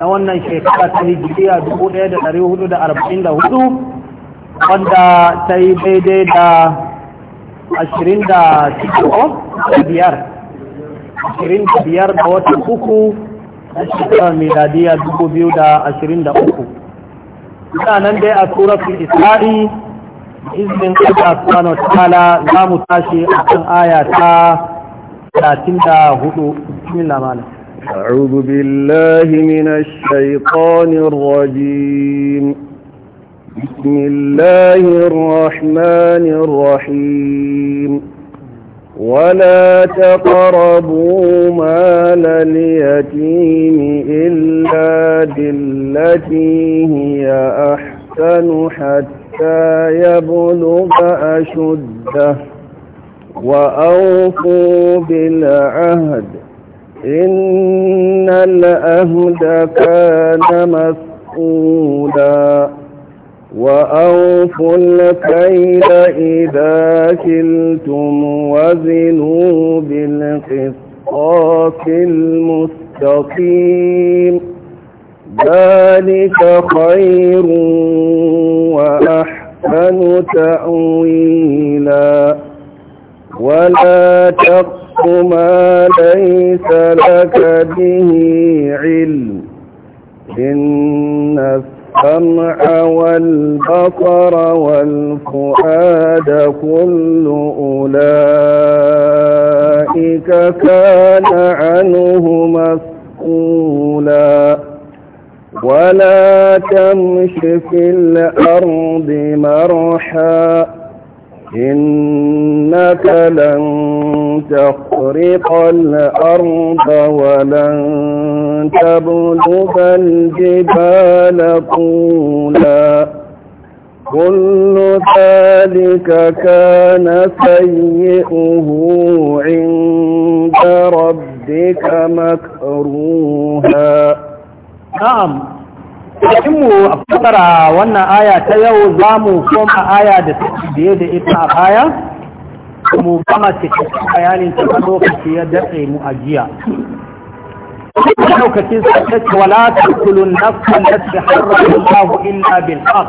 na wannan shekara ta hijiriya 1444 wanda ta yi daidai da 25 25 da watan uku na shekarar miladiya 2023 ina nan dai a turafi isra'i izinin Allah subhanahu wa ta'ala za mu tashi a kan aya ta 34 bismillah malam أعوذ بالله من الشيطان الرجيم بسم الله الرحمن الرحيم ولا تقربوا مال اليتيم إلا بالتي هي أحسن حتى يبلغ أشده وأوفوا بالعهد إن الأهد كان مسؤولا وأوفوا الكيل إذا كلتم وزنوا بالقصاص المستقيم ذلك خير وأحسن تأويلا ولا تقصوا تقف ما ليس لك به علم إن السمع والبصر والفؤاد كل أولئك كان عنه مسؤولا ولا تمش في الأرض مرحا إنك لن تخرق الأرض ولن تبلغ الجبال طولا كل ذلك كان سيئه عند ربك مكروها نعم mu a fasara wannan aya ta yau za mu koma aya da suke biye da ita a baya mu gama cikin bayanin ta lokaci ya datse mu a jiya lokacin sa ta ce wala ta kulun nafsan da ta harrafa Allah illa bil haq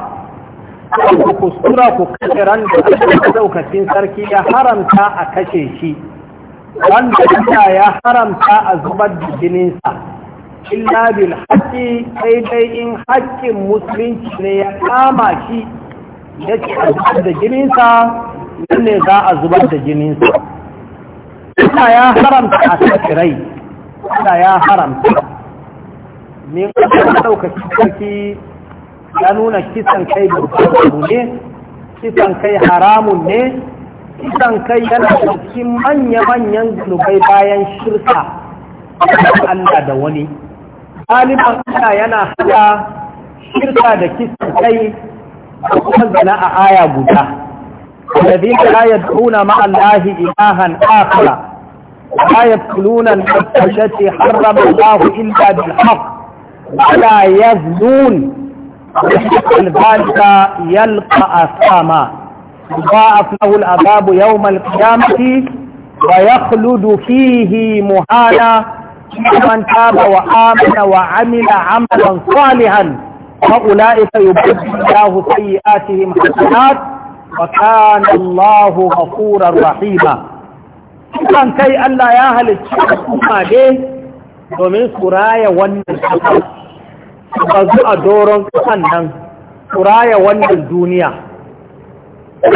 ku kusura ku kashe ran da Allah sarki ya haramta a kashe shi wanda ya haramta a zubar da jininsa illa bil haƙi sai dai in haƙƙin musulunci ne ya kama shi da ce a zubar da jininsa nan ne za a zubar da jininsa ina ya haramta a sakirai ina ya haramta min ƙasar ɗaukaki sarki ya nuna kisan kai babban ne kisan kai haramun ne kisan kai yana cikin manya-manyan zunubai bayan shirka Allah da wani ɗaliban ana yana haɗa shirka da kisan kai da kuma zana a aya guda الذين لا يدعون مع الله إلها آخر لا يدخلون النفس التي حرم الله إلا بالحق ولا يزنون ذلك يلقى أثاما يضاعف له العذاب يوم القيامة ويخلد فيه مهانا من تاب وآمن وعمل عملا صالحا فأولئك يبدل الله سيئاتهم حسنات وكان الله غفورا رحيما kan kai Allah ya halicci al'umma ne domin su raya wannan ƙasar ba zu a doron ƙasan nan su raya wannan duniya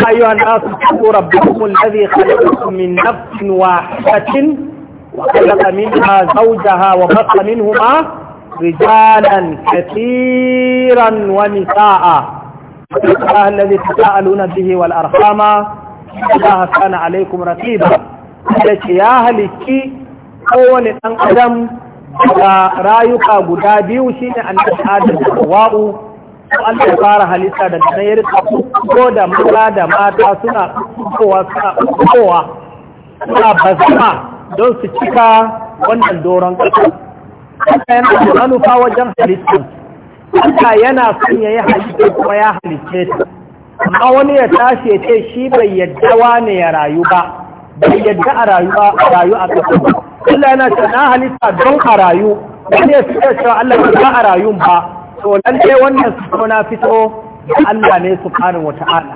ayyuhan nasu tsoron bukumun lazi halittu min nafsin wahidatin وخلق منها زوجها وبق منهما رجالا كثيرا ونساء الله الذي تساءلون به والأرحام الله كان عليكم رقيبا التي يا هلكي kowane ɗan adam da rayuka guda biyu shine annabi adam da ya fara halitta da nan ya ko da maza da mata suna kowa suna kowa suna bazama don su cika wannan doron ƙasa Allah yana da manufa wajen halittar Allah yana son ya yi halittar kuma ya halitte ta amma wani ya tashi ya ce shi bai yadda wane ya rayu ba bai yadda a rayu a ƙasa ba Allah yana ce na halitta don a rayu wani ya fito cewa Allah ba za a rayun ba to nan dai wannan fito na fito da Allah ne su subhanahu wata'ala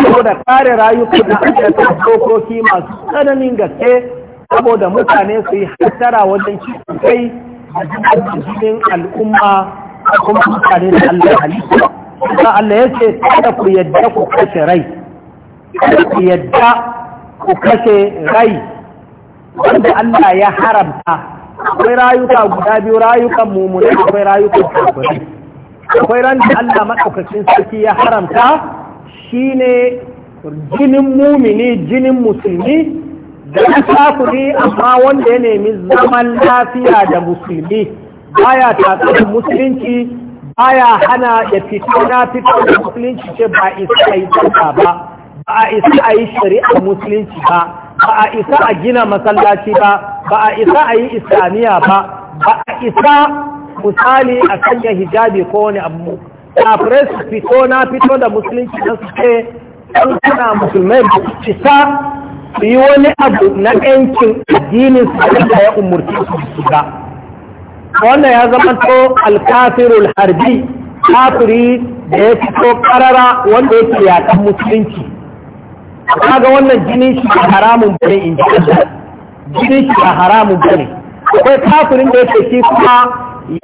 saboda kare rayuka na da dokoki masu tsananin gaske saboda mutane su yi hattara wajen cikin kai da jikin al'umma a kuma mutane da Allah halittu. kuma Allah ya ce kada ku yadda ku kashe rai kada ku yadda ku kashe rai wanda Allah ya haramta akwai rayuka guda biyu rayukan mummunai akwai rayukan kafirai akwai ran da Allah madaukakin sarki ya haramta shine jinin mumini jinin musulmi da kafiri amma wanda ya nemi zaman lafiya da musulmi baya tatsar musulunci baya hana ya fito na fito da musulunci ce ba isa a yi ba ba a isa a yi shari'ar musulunci ba ba a isa a gina masallaci ba ba a isa a yi islamiyya ba ba a isa misali a sanya hijabi ko wani abu kafirai su fito na fito da musulunci na su ce ɗan kana musulmai ba su su yi wani abu na yankin addinin su da ya umurci su su ga wannan ya zama to alkafirul harbi kafiri da ya fito karara wanda ya ke yakan musulunci kaga wannan jinin shi haramun bane in ji jinin shi haramun bane akwai kafirin da ya ke shi kuma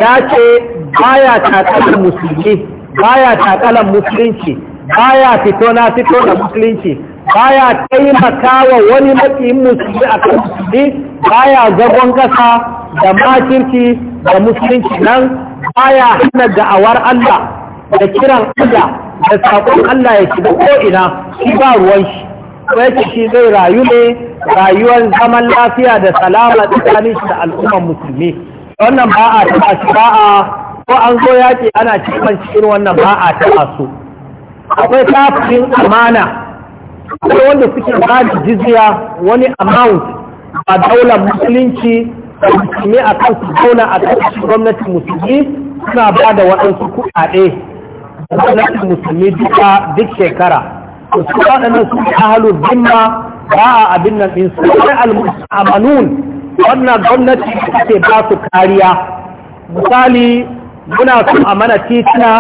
ya ce baya takalar musulmi baya takalar musulunci baya fito na fito da musulunci baya taimaka wa wani matsayin musulmi a kan musulmi baya zagon kasa da makirki da musulunci nan baya hana da'awar Allah da kiran Allah da saƙon Allah ya shiga ko'ina shi ba ruwan shi ko yake shi zai rayu ne rayuwar zaman lafiya da salama tsanin shi da al'umman musulmi wannan ba a taɓa shi ba a ko an zo yaƙi ana cikin cikin wannan ba a taɓa su akwai kafirin amana akwai wanda suke ba da jizya wani amount a daular musulunci da musulmi a kan su zauna a ƙarshen gwamnatin musulmi suna ba da waɗansu kuɗaɗe gwamnatin musulmi duka duk shekara to su waɗannan su ne ahalu ba a abin nan ɗin su ne al-amanun wannan gwamnati take ba su kariya misali muna son a mana titina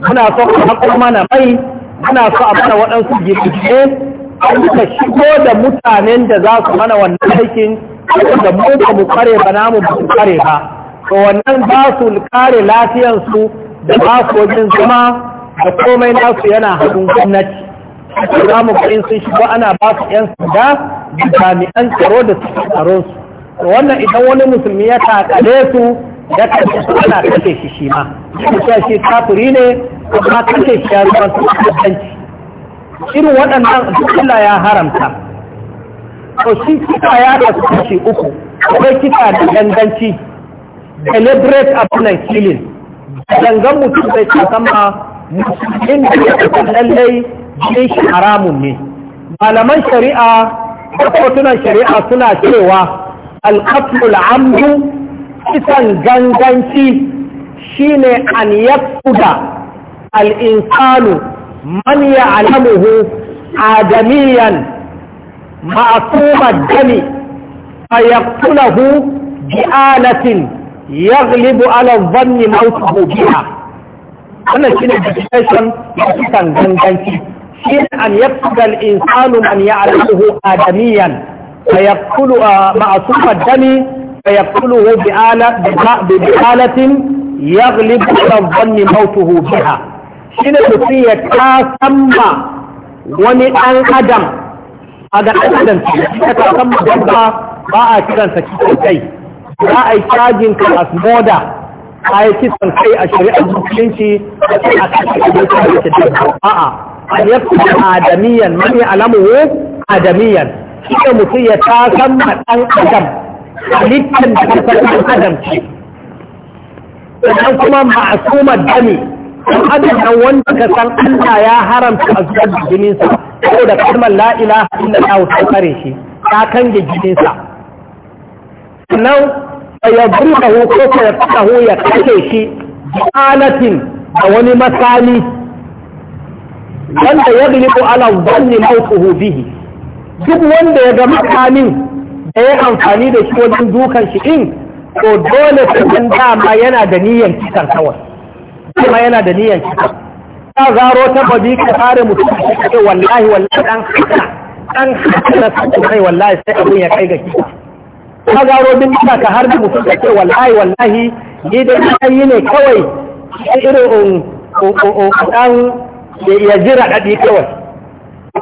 muna son a haƙo mana mai ana so a mana waɗansu girgije suka shigo da mutanen da za su mana wannan aikin da mu ba mu kare ba na ba mu kare ba to wannan ba su kare lafiyansu da ba su wajen zama da komai nasu yana hannun gwamnati za mu in sun shigo ana ba su yan sanda da jami'an tsaro da suke tsaro su to wannan idan wani musulmi ya takale su ya kashe su ana kashe shi shi ma shi kafiri ne amma kake shi ya zuwa su kasance irin waɗannan Allah ya haramta to shi ya da kashi uku akwai kika da ganganci deliberate abunan kilin gangan mutum bai kasan ma musulmin da ya kasan lallai jinin shi haramun ne malaman shari'a da kotunan shari'a suna cewa alƙaflul amdu kisan ganganci shine an yakuda الإنسان من يعلمه آدميا معصوم الدم فيقتله بآلة يغلب على الظن موته بها wannan shine definition ya kan ganganci shine an yaqtala al-insanu man ya'lamuhu adamiyan fa yaqtulu ma'suma dami ala shi ne mutum ya kasamma wani ɗan adam a ga ɗan adam ce ya kasamma dabba ba a kiransa kisan kai za a yi cajin ka a moda a yi kisan kai a shari'ar musulunci a kai a kashe abin da ke dabba a'a yi yafi adamiyan mani alamu adamiyan shi ne mutum ya kasamma ɗan adam halittar da kasar ɗan adam ce sannan kuma ma'asumar dami dan adam ɗan wanda ka san Allah ya haramta azkar jinin sa da kalmar la ilaha illallah ta kare shi ta kange jinin sa sannan ya burka ko ko ya kahu ya kace shi alatin da wani masani wanda ya ko ala zanni mautuhu bihi duk wanda ya ga makamin da ya amfani da shi wajen dukan shi in to dole ta dama yana da niyyar kisan kawai kuma yana da niyan kisa ta zaro ta babi ka fara mutum shi ka ce wallahi wallahi dan haka dan haka na sakin kai wallahi sai abin ya kai ga kisa ta zaro din ba ka har da mutum ka ce wallahi wallahi ni dai na yi ne kawai irin dan ya jira dadi kawai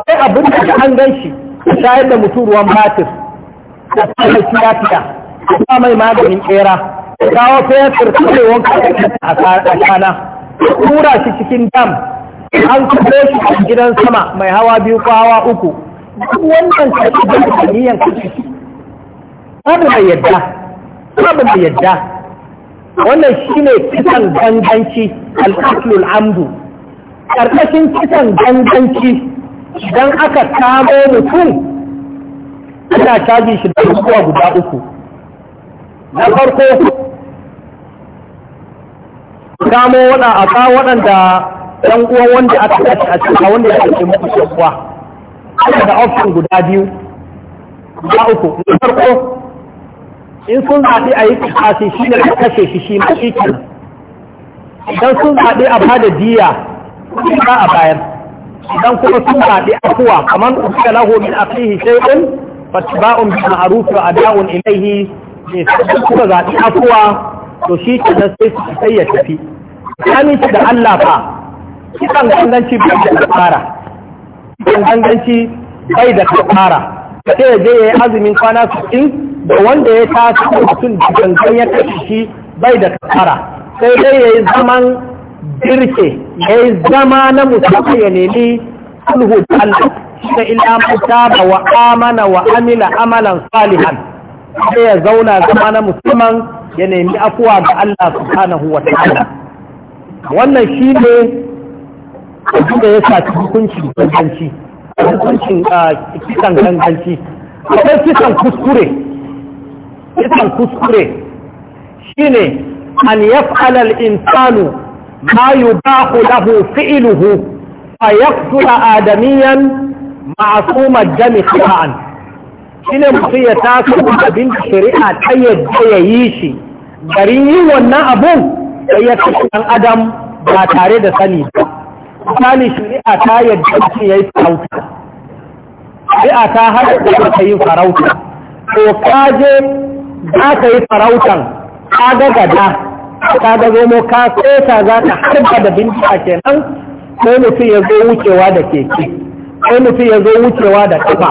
sai abin da an gan shi shayar da mutum ruwan batir da shi ya fiya fiya ba mai maganin kera kawo fetur wanka a kana tura shi cikin dam an kudo shi a gidan sama mai hawa biyu ko hawa uku wannan kashi da kaniyan kashi babu mai yadda babu mai yadda wannan shine kisan ganganci al-aslul amdu karkashin kisan ganganci idan aka kamo mutum ana caji shi da guda uku na farko kamo waɗa a kawo waɗanda ɗan uwan wanda aka kashe a cikin wanda ya kashe muku shakwa ana da option guda biyu guda uku na farko in sun zaɓi a yi kashe shi ne kashe shi shi ma shi kenan idan sun zaɓi a bada diya ba a bayar idan kuma sun zaɓi afuwa kamar ubiya lahu min akhihi shay'un fatba'un bi ma'ruf wa ada'un ilayhi ne sun zaɓi afuwa to shi kenan sai sai su tafi aminci da Allah fa kisan ganganci bai da kafara kisan ganganci bai da kafara sai ya je ya yi azumin kwana sukin da wanda ya tashi mutum da gangan ya kashe shi bai da kafara sai dai ya yi zaman birke ya yi zama na musamman ya nemi sulhu da Allah shi ila mata ba wa amana wa amila amalan salihan sai ya zauna zama na musamman ya nemi afuwa ga Allah subhanahu wa ta'ala wannan shi ne abin da ya sa hukuncin ganganci hukuncin kisan ganganci akwai kisan kuskure kisan kuskure shi ne an yaf'ala al-insanu ma yubahu lahu A fa yaqtula adamiyan ma'asumar dami sa'an shi ne mutum ya taso abin da shari'a ta yadda ya yi shi garin yi wannan abun da ya kashe ɗan adam ba tare da sani ba misali shari'a ta yadda mutum ya yi farauta shari'a ta hada da ta yin farauta to ka je za ka yi farautan ka ga gada ka ga zomo ka seta za ta harba da bindiga kenan sai mutum ya zo wucewa da keke sai mutum ya zo wucewa da kafa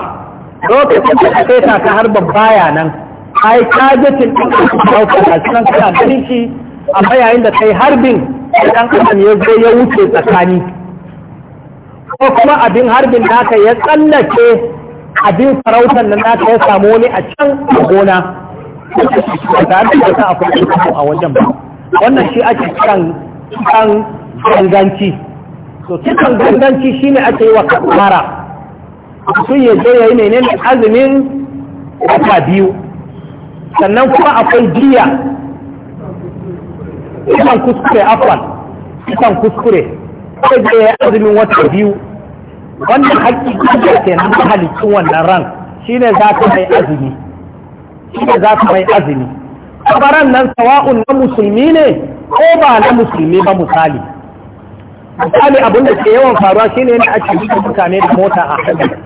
lokacin da ka ta ka harba bayanan. nan ai ka je cin ɗin a cikin kana shi amma yayin da kai harbin ɗan adam ya zo ya wuce tsakani ko kuma abin harbin naka ya tsallake abin farautar nan naka ya samu wani a can gona da an da a kuma a wajen ba wannan shi ake kiran kan ganganci to kiran ganganci shine ake yi wa kafara sun ya je yayi menene azumin wata biyu sannan kuma akwai jiya kisan kuskure afwan idan kuskure sai da ya azumin wata biyu wannan haƙƙi kuskure ke nan halittun wannan ran shine za ta mai azumi shine za ta mai azumi kabaran nan sawa'un na musulmi ne ko ba na musulmi ba misali misali abin da ke yawan faruwa shine ne ake yi mutane da mota a hanyar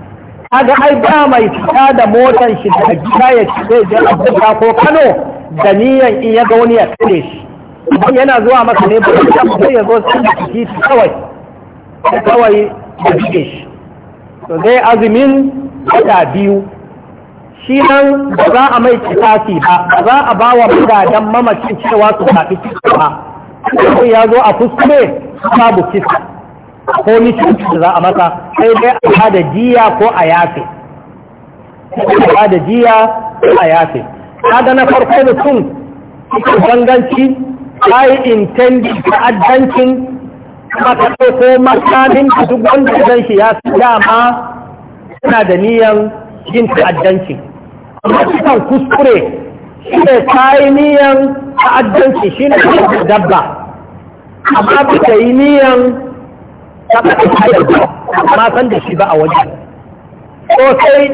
kaga ai ba mai fita da motan shi da gida ya ce zai je Abuja ko Kano da niyan in ya ga wani ya kare shi idan yana zuwa maka ne ba sai ya zo san da jiki kawai kawai da jike shi to zai azumin wata biyu shi nan ba za a mai kitafi ba ba za a ba wa magadan mamacin cewa su zaɓi kisa ba kuma ya zo a fuskure babu kisa ko ni da za a masa sai dai a ba da jiya ko a yafe a ba da jiya ko a yafe kaga na farko mutum cikin ganganci ka yi intendin ta'addancin maka ɗauko makamin da duk wanda zan shi ya fi dama suna da niyan yin ta'addanci amma cikin kuskure shi ne ta yi niyan ta'addanci shi ne da dabba amma ba ta yi niyan ba, amma san da shi ba a waje. ko sai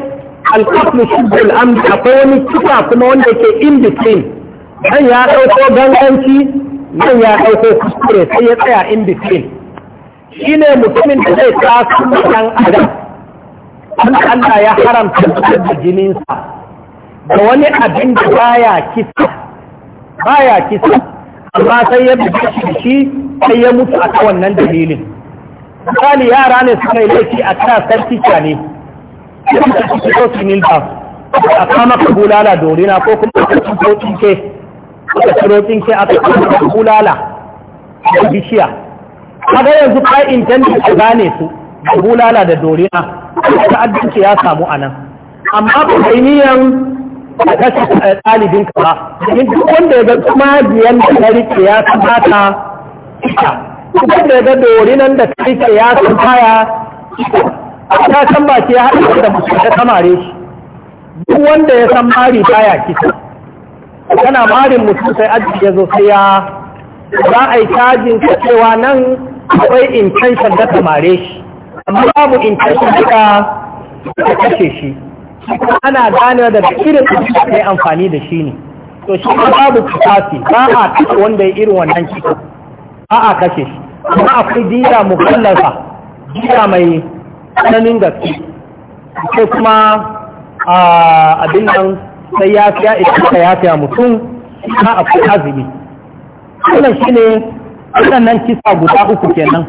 alƙafin shi da al'amdi akwai wani kisa kuma wanda ke in between nan ya ɗauko ganganci nan ya ɗauko kuskure sai ya tsaya in between shi ne mutumin da zai tasu ɗan adam wanda Allah ya haramta fitar da jininsa da wani abin da baya kisa baya kisa amma sai ya bi shi shi sai ya mutu a ta wannan dalilin misali yara ne suka yi laifi a ta sarkika ne ya fi sarkika su nilba a kama ka bulala dorina ko kuma a sarkin ke aka tsaro tsinke a tsakanin bulala da bishiya kaga yanzu ka intendin ka gane su da bulala da dorina ta'addanci ya samu anan amma ba kai niyan a kashe eh, ɗalibin ka ba domin duk wanda ya ga kuma biyan da ta rike ya kamata ita duk wanda ya ga dorinan da ta rike ya kamata ita a ta san ba ke haɗa da mutum ta kamare shi duk wanda ya san mari baya kisa kana marin mutum sai aji ya zo sai ya za a yi cajin ka cewa nan akwai intention da mare shi amma babu intention da ta kashe shi ana gane da irin abin da amfani da shi ne to shi ma babu kitafi ba a kashe wanda ya irin wannan cikin ba a kashe shi amma akwai mu mukallafa diya mai tsananin gaske sai kuma ah, abin nan sai ya fiya ita ya fiya mutum ka akwai azumi wannan shi ne waɗannan kisa guda uku kenan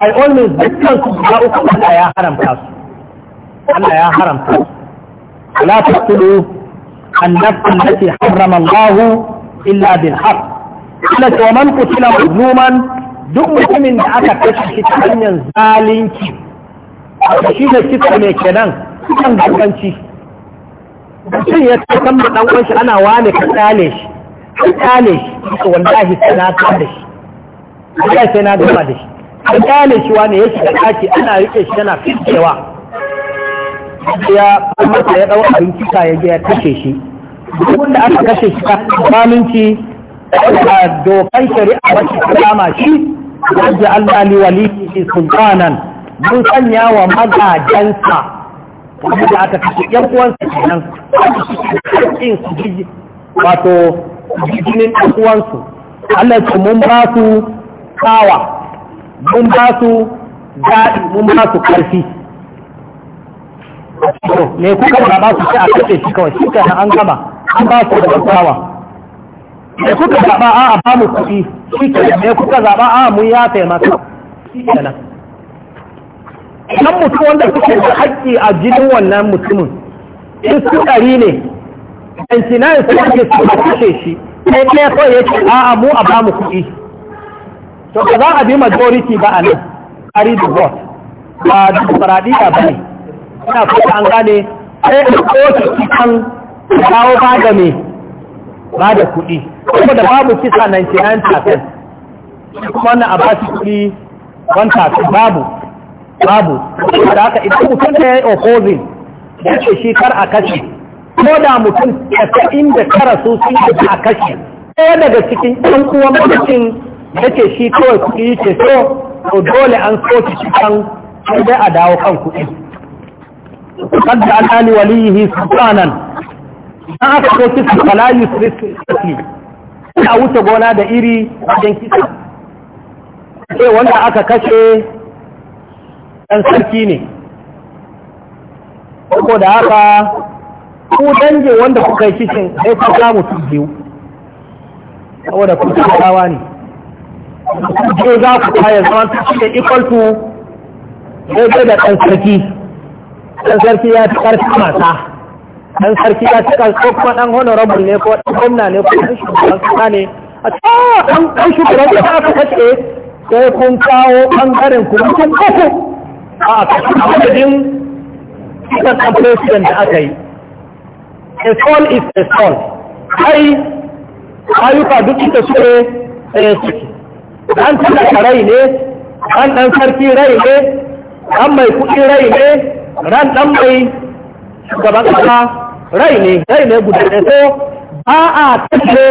by all means dukkan su guda uku Allah ya haramta su Allah ya haramta su la taqtulu an-nafs allati harrama Allah illa bil haqq illa to man qutila mazluman duk mutumin da aka kashe shi ta hanyar zalunci shi ne kisa mai kenan kan ganganci mutum ya ce ma maɗan uwan ana wane ka tsale shi ka tsale shi to wallahi sai na ta da shi wallahi sai na gama da shi ka tsale shi wane ya shiga ɗaki, ana rike shi yana fitcewa ya masa ya ɗau abinci ka ya ya kashe shi wanda da aka kashe shi ta zalunci da dokan shari'a wacce ta kama shi wajen Allah liwali sultanan mun sanya wa magajansa da aka fito yan uwansa kenan haƙƙin su jiji wato jinin ɗan uwansu Allah ce mun ba su kawa mun ba su daɗi mun ba su ƙarfi ne kuka ba su ce a kashe shi kawai shi kenan an gama an ba su da kawa da kuka zaɓa a ba mu kuɗi shi ke da kuka zaɓa a mun ya taimaka shi ke kan mutum wanda suke da haƙƙi a jinin wannan mutumin in su ɗari ne yanci na su suke su a kushe shi sai ɗaya kawai ya ce a'a mu a bamu kuɗi to ba za a bi majority ba a nan ƙari da vote ba da faradiyya ba ne ina fata an gane sai a kowace kisan kawo ba da me ba da kuɗi kuma da babu kisa 99% kuma wannan a ba shi kuɗi 1 babu babu da haka idan mutum ta yi opposing ya ce shi kar a kashe ko da mutum ta da kara su sun yi a kashe ɗaya daga cikin ɗan uwan mutum ya ce shi kawai kuɗi ce so to dole an soke shi kan dai a dawo kan kuɗi قد أتى لوليه سلطانا ما أكثر كسر فلا يسرس كسر a wuce gona da iri wajen kisa ce wanda aka kashe ɗan sarki ne da haka ku dange wanda kuka yi cikin sai ku samu mutu biyu saboda ku kawa ne ku biyu za ku kaya zama ta da equal to daidai da ɗan sarki ɗan sarki ya fi ƙarfi mata ɗan sarki ya cika ƙarfi kuma ɗan honorable ne ko ɗan gwamna ne ko ɗan shugaban kasa ne a cikin ah, ɗan shugaban kasa aka kace sai kun kawo ɓangaren kuma kun kofo a kashin cikin ɗan president da aka yi a stone is a stone. ai ayyuka duk inda su ne tsaye suke an talaka rai ne an ɗan sarki rai ne an mai kuɗi rai ne ran ɗan mai shugaban ƙasa rai ne rai ne guda ɗaya so ba a kashe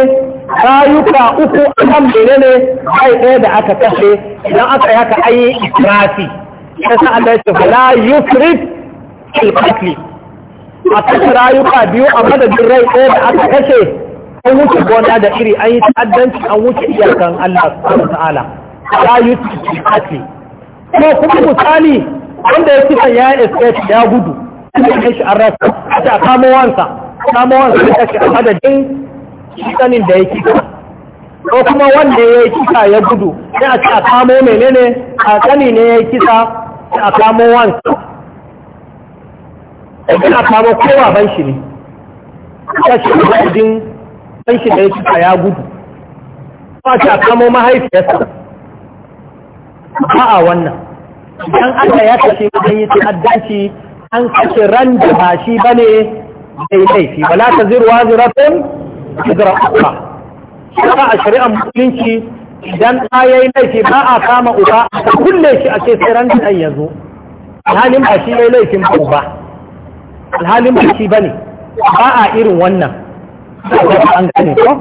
rayuka uku a kan menene rai ɗaya da aka kashe idan aka yi haka an yi israfi yasa Allah ya ce fala yusrif fil qatl a kashe rayuka biyu a madadin rai ɗaya da aka kashe an wuce gona da iri an yi ta'addanci an wuce iyakan Allah subhanahu ta'ala fala yusrif fil qatl ko kuma misali wanda ya kisa ya escape ya gudu sai ya shi an rasa ta kamo wansa kamo wansa ya kashe a madadin sanin da ya kisa ko kuma wanda ya yi kisa ya gudu sai ce a kamo menene a sani ne ya yi kisa a kamo idan a kowa ban shi ne ta shi ne ɗin ban shi da ya cika ya gudu ba ta kamo mahaifiyarsa ba a wannan idan aka ya kashe wajen yi ta'addanci an kashe ran da ba shi ba ne zai laifi ba la ta zirwa ziratun zira ba shi ba a shari'ar musulunci idan ta yayi laifi ba a kama uba a kulle shi a ce sai da ya zo alhalin ba shi yi laifin ba uba alhalin ba shi ne ba a irin wannan an gane ko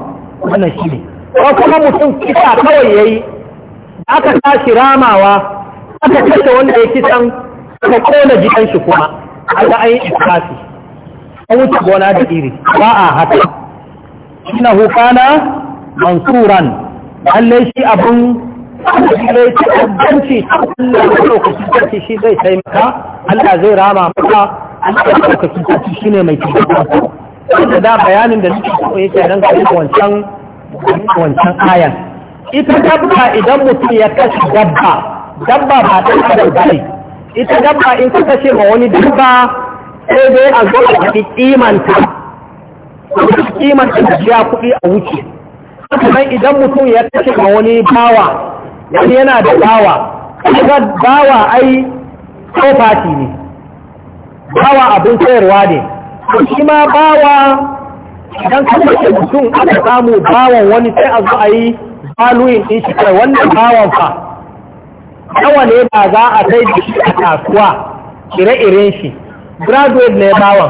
wannan shi ne ko kuma mutum kisa kawai ya yi aka tashi ramawa aka kashe wanda ya kisan ka kona gidan shi kuma an ga an iskasi. an wuce gona da iri ba a haka na, hukana mansuran lallai shi abin zai ta'addanci Allah ya ɗaukaki sarki shi zai taimaka Allah zai rama maka Allah ya ɗaukaki sarki shi ne mai taimaka wanda da bayanin da nake so yake nan ga wancan wancan ayan ita dabba idan mutum ya kashe dabba dabba ba ta adam bane ita dabba in ka kashe ma wani dabba sai dai a zo a faɗi kimanta kimanta ta biya kuɗi a wuce kamar idan mutum ya kashe ma wani bawa wani yana da bawa kuma bawa ai kofati ne bawa abin sayarwa ne shi ma bawa idan ka kashe mutum aka samu bawan wani sai a zo a yi valuing din shi kai wannan bawan fa nawa ne ba za a kai da shi a kasuwa ire-iren shi graduate ne bawan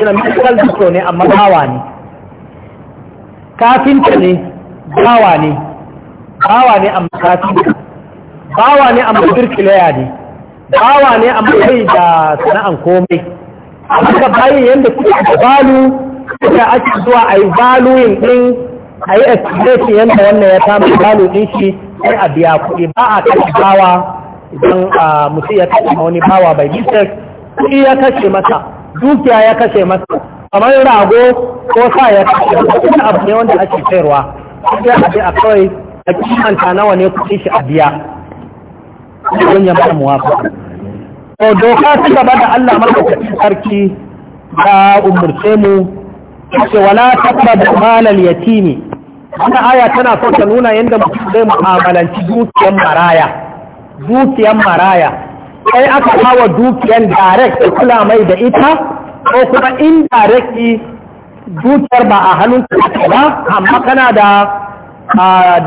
shi na mutum ne amma bawa ne kafinta ne bawa ne bawa ne amma kafinta bawa ne amma birkileya ne bawa ne amma kai da sana'an komai haka bayan yadda kuka da balu kuka ake zuwa a yi baluyin ɗin a yi estimation yadda wannan ya samu balu ɗin shi sai a biya kuɗi ba a kashe bawa idan mutum ya kashe wani bawa bai bisek kuɗi ya kashe masa dukiya ya kashe masa kamar rago ko sa ya abu ne wanda ake sayarwa sai a je a kawai a kimanta nawa ne kuɗin shi a biya don ya mara muwafa to doka ta gaba da Allah madaukakin sarki ga umurce mu ce wala Malam malal yatimi wannan aya tana so ta nuna yadda mutum zai mu'amalanci dukiyan maraya dukiyan maraya sai aka kawo dukiyar direct kula mai da ita ko kuma indirectly dukiyar ba a hannun ta ba amma kana da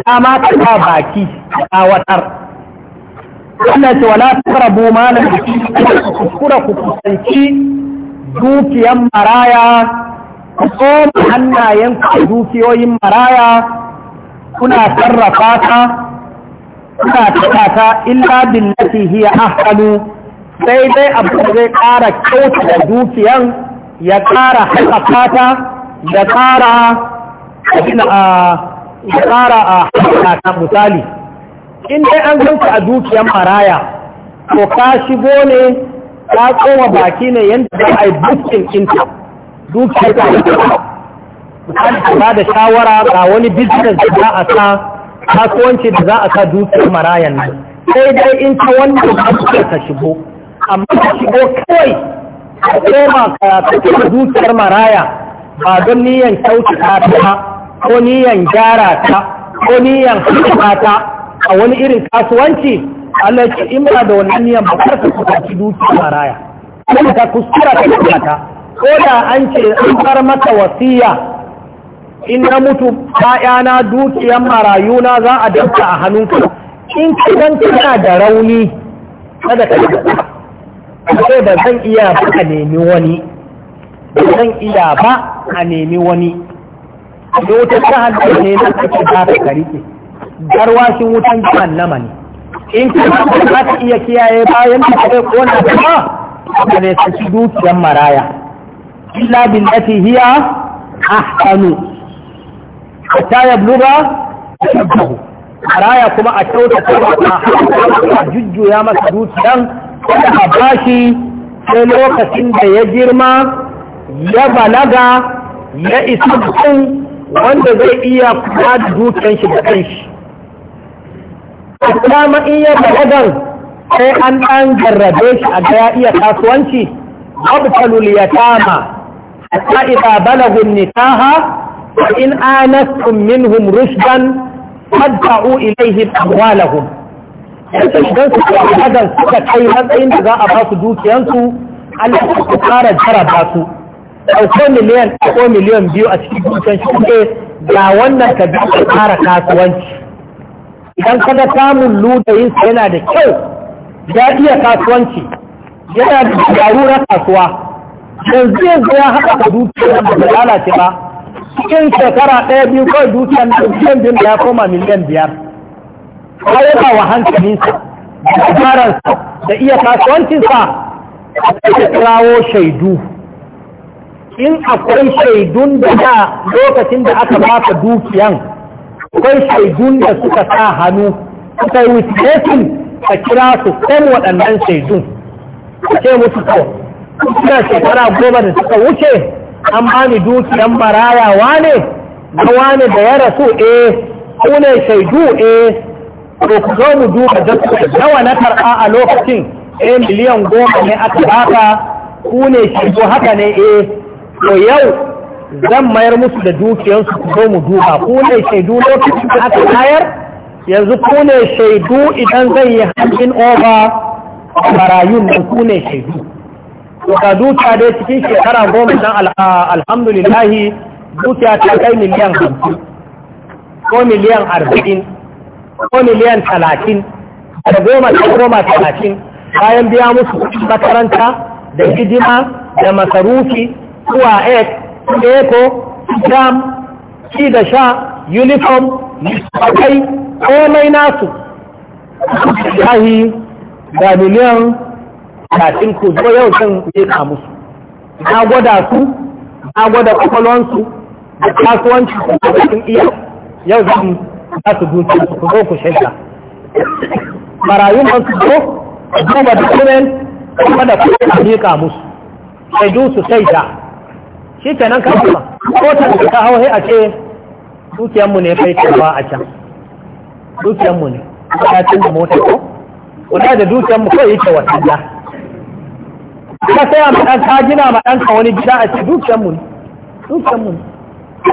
dama ta ba baki a watar wannan ce wala tarabu malam kuskura ku kusanci dukiyar maraya ku koma hannayen ku dukiyoyin maraya kuna sarrafa ta kuna taɓa ta illa billati hiya ahsanu sai dai abu zai ƙara kyauta da dukiyan ya ƙara haka fata ya ƙara a ya ƙara a misali in dai an ganka a dukiyan maraya to ka shigo ne ka tsoma baki ne yadda za a yi bukin inta dukiyar ta misali ta ba da shawara ga wani business da za a sa kasuwanci da za a sa dukiyar marayan nan sai dai in ta wannan ka shigo amma ka shigo kawai a koma karatu zuciyar maraya ba don niyan kyautata ta ko niyan gyara ta ko niyan haɗa ta a wani irin kasuwanci Allah ce in da wannan niyan ba ka ka kusanci dukiya maraya kuma ka kuskura ta ko da an ce an bar mata wasiya in na mutu ƴaƴana dukiyar marayuna za a danka a hannunka in ka danta da rauni kada ka yi sai ba zan iya ba a nemi wani ba zan iya ba a nemi wani da wutar jahannama ne na ake ba ta ke garwashin wutan jahannama ne in ka za ta iya kiyaye bayan ta kai kona ta ba ka ne saki dukiyar maraya illa billati hiya ahsanu hatta yabluga maraya kuma a kyautata a jujjuya masa dukiyan kada a bashi sai lokacin da ya girma ya balaga ya isa mutum wanda zai iya kula da dukiyar shi da kanshi kuma in ya balagan sai an ɗan jarrabe shi a gaya iya kasuwanci ma. A hatta idza balagu nikaha wa in anastum minhum rushdan fad'u ilayhim amwalahum idan su kuma hadan suka kai matsayin da za a ba su dukiyansu Allah su fara jaraba su ɗauko miliyan ɗauko miliyan biyu a cikin dukiyan shi ne ga wannan ka bi ka fara kasuwanci idan kada samun ludayinsa yana da kyau ya iya kasuwanci yana da darurar kasuwa yanzu yanzu ya haɗa ka dukiyan da lalace ba cikin shekara ɗaya biyu kawai dukiyan da miliyan ya koma miliyan biyar ba wa hankalinsa da ƙararsa da iya kasuwancinsa da kirawo shaidu in akwai shaidun da ya lokacin da aka ba ka dukiyan akwai shaidun da suka sa hannu suka yi witnessin ka kira su kan waɗannan shaidun ce musu ko suna shekara goma da suka wuce an bani dukiyan marayawa ne? na wane da ya rasu eh ku shaidu eh to ku zo mu duba nawa na karɓa a lokacin eh miliyan goma ne aka baka ku ne shigo haka ne eh to yau zan mayar musu da dukiyansu ku zo mu duba ku ne shaidu lokacin da aka tayar yanzu ku ne shaidu idan zan yi oba a marayun da ku ne shaidu to ka dukiya dai cikin shekara goma don alhamdulillahi dukiya ta kai miliyan hamsin ko miliyan arba'in ko miliyan talatin da goma da goma talatin bayan biya musu kuɗin makaranta da hidima da masarufi zuwa ek eko jam ci da sha uniform kai komai nasu shahi da miliyan talatin ku zo yau kan jeka musu na gwada su na gwada kwakwalwansu da kasuwanci da cikin yau zan ba su dukiya su zo ku shaida marayun nan su zo duba da kuren kuma da kuma a miƙa musu shaidu su shaida shi ke nan kan kuma ko ta ta hauhe a ce dukiyanmu ne kai cewa a can dukiyanmu ne ta cin da mota ko kuna da dukiyanmu kawai yake wasanda ka sai a maɗan ka gina ka wani gida a ce dukiyanmu ne dukiyanmu ne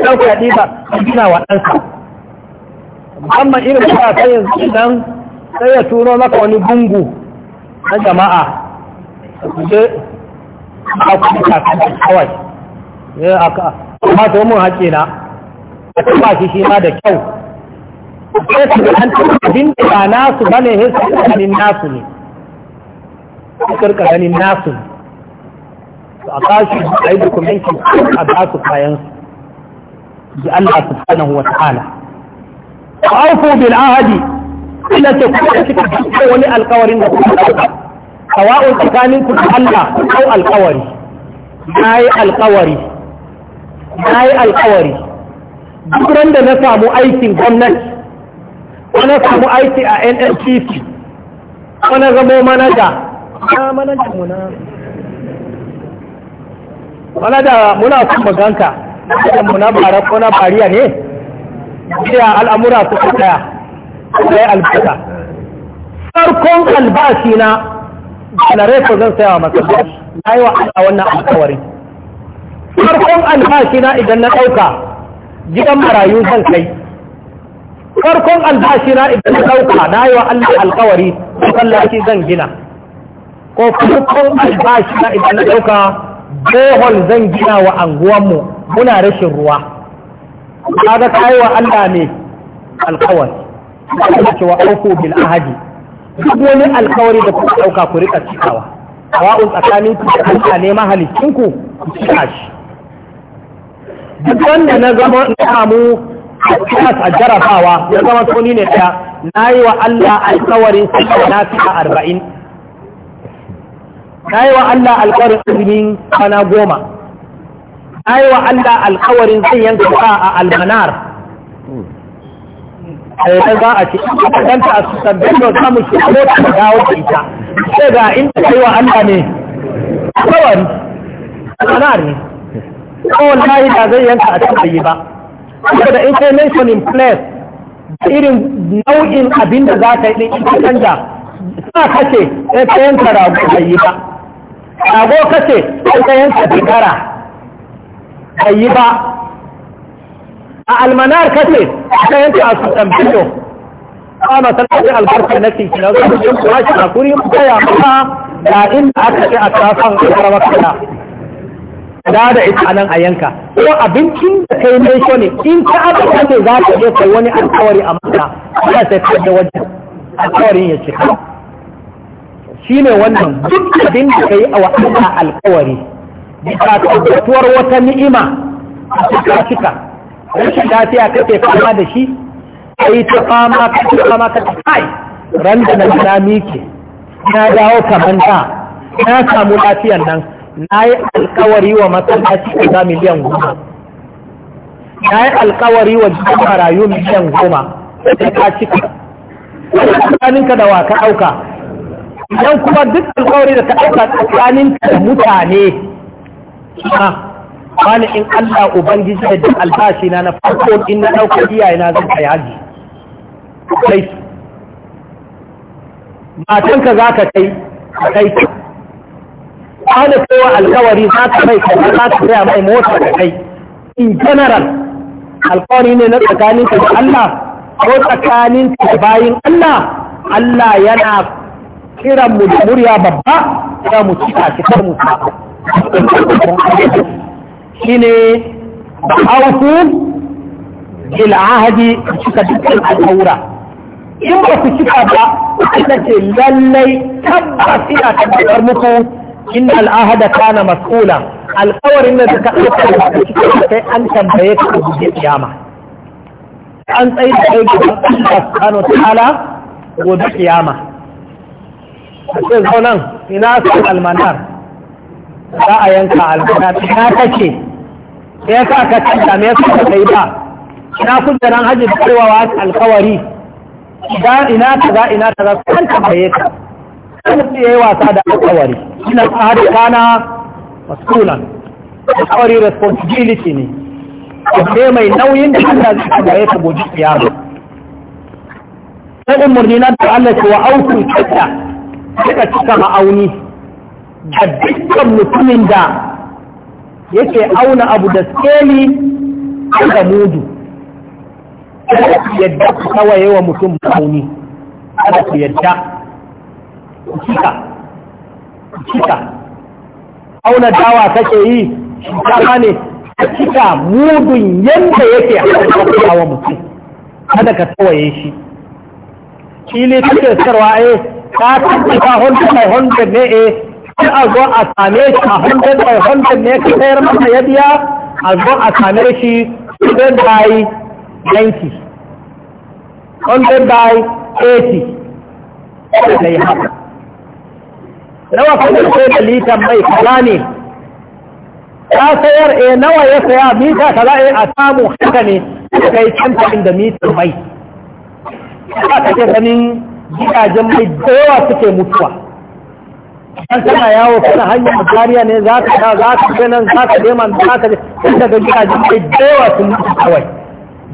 ɗauka ɗiba a gina wa ɗansa musamman irin ba sai yanzu idan sai ya turo maka wani gungu na jama'a a kuje a kuma da kawai ya eh, aka kuma to mun haƙe na a kuma shi shi ma da kyau sai su an taba abin da ba nasu bane sai su ganin nasu ne A karka ganin nasu ne a kashi a yi dokumentin a ba su kayan su ji Allah subhanahu wa ta'ala aufu bil ahadi ina ce kuma cika dukkan wani alkawarin da kuka dauka sawa'un tsakanin ku da Allah ko alkawari nayi alkawari yi alkawari duk randa na samu aikin gwamnati ko na samu aiki a NNPC ko na zamo manaja na manaja muna manaja muna son maganka manaja muna bara ko na bariya ne jiya al'amura su tsaya da ya albata farkon albashi na janareto zan saya wa masallaci na yi wa Allah wannan alkawari farkon albashi na idan na ɗauka gidan marayu zan kai farkon albashi na idan na ɗauka na yi wa Allah alkawari masallaci zan gina ko farkon albashi na idan na ɗauka bohol zan gina wa anguwanmu muna rashin ruwa kaga kai wa Allah ne alkawari Allah ce auku bil ahadi duk wani alkawari da kuka dauka ku rika cikawa sawa'un tsakanin ku da Allah ne mahalicin ku ku cika shi duk wanda na zama na samu a jarabawa ya zama tuni ne daya na yi wa Allah alkawarin sallah na fi arba'in na yi wa Allah alkawarin azumin kwana goma ai wa Allah alƙawarin zai yanka ba a almanar sai dan za a ce dan ta su sabbin da ta shi ko ta dawo da ita sai ga in ta wa Allah ne alkawari almanar ne ko wallahi da zai yanka a cikin ba saboda in kai mention in place irin nau'in abin da za ka yi in ka canja sa kace sai eh, ka yanka rago bai yi ba rago kace sai eh, ka yanka bigara bai yi ba a almanar kace aka yanki a sultan bello a masallacin albarka na cikin na zuwa cikin kuma shi a kuri kaya ba da inda aka ce a kafan karama da da ita nan a yanka ko abincin da kai mai shi ne in ka aka kace za ka je kai wani alkawari a maka ya sai ka da wajen alkawarin ya cika shi ne wannan duk abin da kai a wa'anda alkawari bukatuwar wata ni'ima a cikin cika rashin lafiya kake fama da shi a yi ta fama kake fama kake kai ran da na gina miki. na dawo kaman da na samu lafiyan nan na yi alkawari wa masallaci kaza miliyan goma na yi alkawari wa jikin marayu miliyan goma da ka cika tsakaninka da wa ka ɗauka idan kuma duk alkawari da ka ɗauka tsakaninka da mutane wani in Allah Ubangiji da albashi na na farko in na ɗauka iyaye na zan kai haji kai matanka za ka kai ka kai su kowa alkawari za ka mai kai za ka kai mai mota ka kai in general alkawari ne na tsakanin ka da Allah ko tsakanin ka da bayin Allah Allah yana kiran mu da murya babba ya mu cika shi kar mu shi ne auku bil'ahadi cika dukkan al'aura in ba ku cika ba Allah ce lallai tabbas ina tabbatar muku in al'ahada kana mas'ula alkawarin da suka da ku cika sai an tambaye ka a guje kiyama an tsaye da kai da Allah subhanahu wa ta'ala gobe kiyama a ce zaunan ina san almanar za a yanka alkana ina kake sai ka ka canza me yasa ka kai ba ina nan hajji da kaiwa wa alkawari ina ta za ina su kan tambaye ka kan su yayi wasa da alkawari ina tsari kana masulan alkawari responsibility ne ne mai nauyin da Allah zai tambaye ka gobe kiyama sai umurni na da Allah ce wa auku tsaka kika cika ma'auni da dukkan mutumin da yake auna abu da skeli ga mudu yadda ku kawaye wa mutum kauni kada ku yadda ku cika ku cika auna dawa kake yi shinkafa ne ka cika mudun yadda yake haɗa wa mutum kada ka tsawaye shi ne kake sarwa yi eh, ka tabbata 100 ne a eh, sai a zo a same shi a hundar da hundar ne ka sayar masa ya biya a zo a same shi yi yanki hundar da yi eti da ya haka nawa ka sai da litan mai kala ne ya sayar e nawa ya saya mita kaza e a samu haka ne kai tantamin da mitar mai ka ce ganin gidajen mai da yawa suke mutuwa an tana yawo kana hanyar bariya ne za ka ta za ka ga nan za ka je man za ka je tun daga gidajen kai dewa sun mutu kawai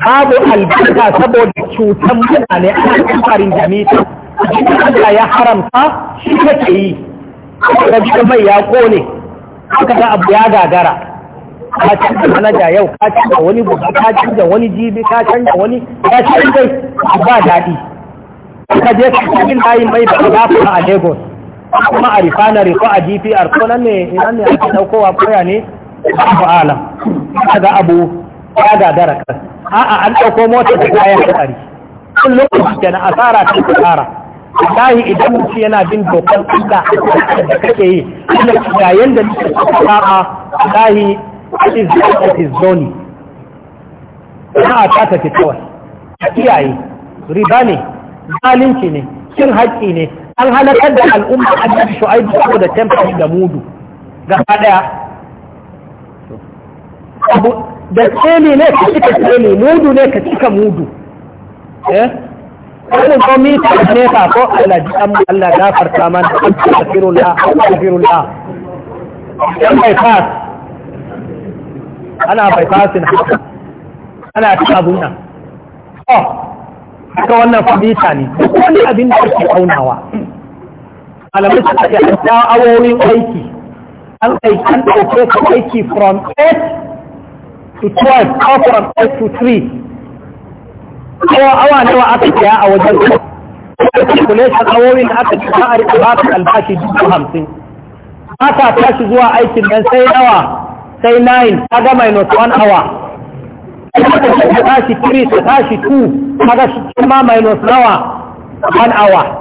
babu albarka saboda cutan mutane ana kamfarin jami'a jikin Allah ya haramta shi kake yi ka jikin mai ya kone aka ga abu ya gagara ka canza manaja yau ka canza wani gobe ka canza wani jibi ka canza wani ya canza ba daɗi ka je ka cikin layin mai da ba a Lagos kuma a na ko a GPR ko nan ne nan ne ake daukowa koya ne abu alam ga abu ya ga kan a'a an dauko mota da kayan hatsari kun lokaci na asara ta tsara. wallahi idan mutum yana bin dokar Allah da kake yi ina yayin da nake sa'a wallahi is that is zone na a ta tafi kawai kiyaye riba ne zalunci ne cin haƙƙi ne an halakar da al'umma annabi shu'aibu saboda tamfani da mudu gaba daya abu da tsele ne ka cika tsele mudu ne ka cika mudu eh wani gomi ta ne ka ko Allah ji an Allah gafarta man astaghfirullah astaghfirullah dan bai fas ana bai fasin haka ana ta abuna oh haka wannan fadita ne wani abin da ake aunawa malamai suka ce an da'awowin aiki an aiki an ɗauke ka aiki from 8 to 12 or from 8 to 3 awa awa nawa aka siya a wajen ka calculation awowin da aka cika a riƙa ba ka albashi dubu hamsin aka tashi zuwa aikin nan sai nawa sai 9 kaga minus 1 hour ka tashi 3 ka tashi 2 kaga shi ma minus nawa 1 hour